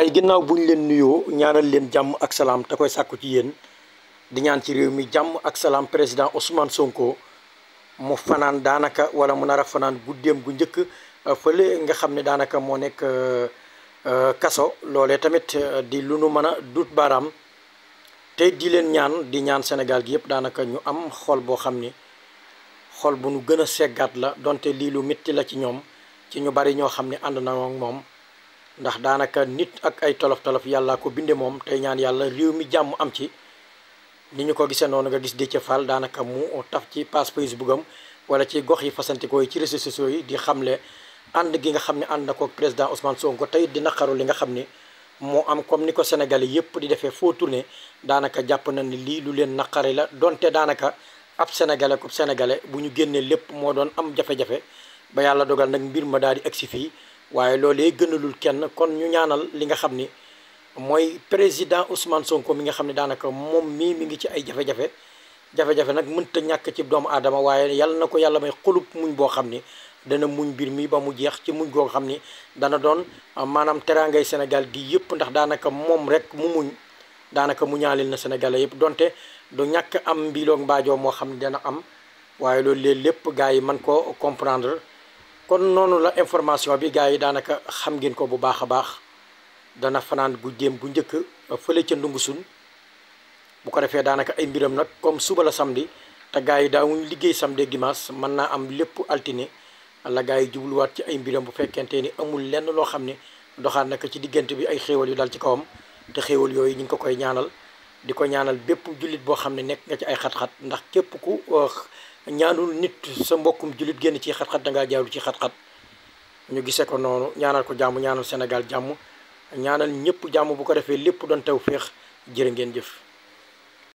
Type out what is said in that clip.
ay ginnaaw buñ leen nuyoo ñaanal leen jàmm ak salaam te koy sàkku ci yéen di ñaan ci réew mi jàmm ak salaam président Ousmane Sonko mu fanaan daanaka wala mu nar a fanaan guddeem gu njëkk euh, fële nga xam ne daanaka moo nekk euh, euh, kaso loole tamit di lu nu mën a dut baaraam tey di leen ñaan di ñaan Sénégal gi yëpp daanaka ñu am xool boo xam ni xool bu nu gën a seggaat la donte lii lu métti la ci ñoom ci ñu bari ñoo xam ne ànd na moom ndax daanaka nit ak ay tolof-tolof yàlla ko binde moom tey ñaan yàlla réew mi jàmm am ci ni ñu ko gisee noonu nga gis Déthié Fall daanaka mu taf ci page Facebook am wala ci gox yi fasantikoo yi ci réseaux sociaux yi di xamle ànd gi nga xam ne ànd na ko président Ousmane Sonko tey di naqaru li nga xam ni moo am comme ni ko Sénégalais yëpp di defee foo tourné daanaka jàpp na ni lii lu leen naqari la donte daanaka ab sénégalais ku sénégalais bu ñu génnee lépp moo doon am jafe ba yàlla dogal nag mbir ma daal di egsi fii waaye loolu loolee gënalul kenn kon ñu ñaanal li nga xam ni mooy président Ousmane Sonko mi nga xam ne daanaka moom mii mi ngi ci ay jafe-jafe jafe-jafe nag mënta ñàkk ci doomu aadama waaye yàlla na ko yàlla may xulub muñ boo xam ni dana muñ mbir mi ba mu jeex ci muñ goo xam ni dana doon ah, maanaam teraangay Sénégal gi yëpp ndax daanaka moom rek mu muñ daanaka mu ñaalil na Sénégalais yëpp donte du ñàkk am mbiloog mbaajoo moo xam ne dana am waaye loolu lépp gaa yi man ko comprendre kon noonu la information bi gars yi daanaka xam ngeen ko bu baax a baax dana fanaan gu jéem gu njëkk fële ca ndungu sun bu ko defee daanaka ay mbiram nag comme suba la samedi te gars yi daawuñ liggéey samedi gimaas mën naa am lépp altine la gars yi jubluwaat ci ay mbiram bu fekkente ni amul lenn loo xam ne doxaat naka ci diggante bi ay xéewal yu dal ci kawam te xéewal yooyu ñu ngi ko koy ñaanal di ko ñaanal bépp jullit boo xam ne nekk nga ci ay xat-xat ndax képp ku euh, ñaanul nit sa mbokkum jullit génn ci xat-xat dangaa jaarul ci xat-xat ñu gisee ko noonu ñaanal ko jàmm ñaanal senegal jàmm ñaanal ñëpp jàmm bu ko defee lépp doon taw féex jërë ngeen jëf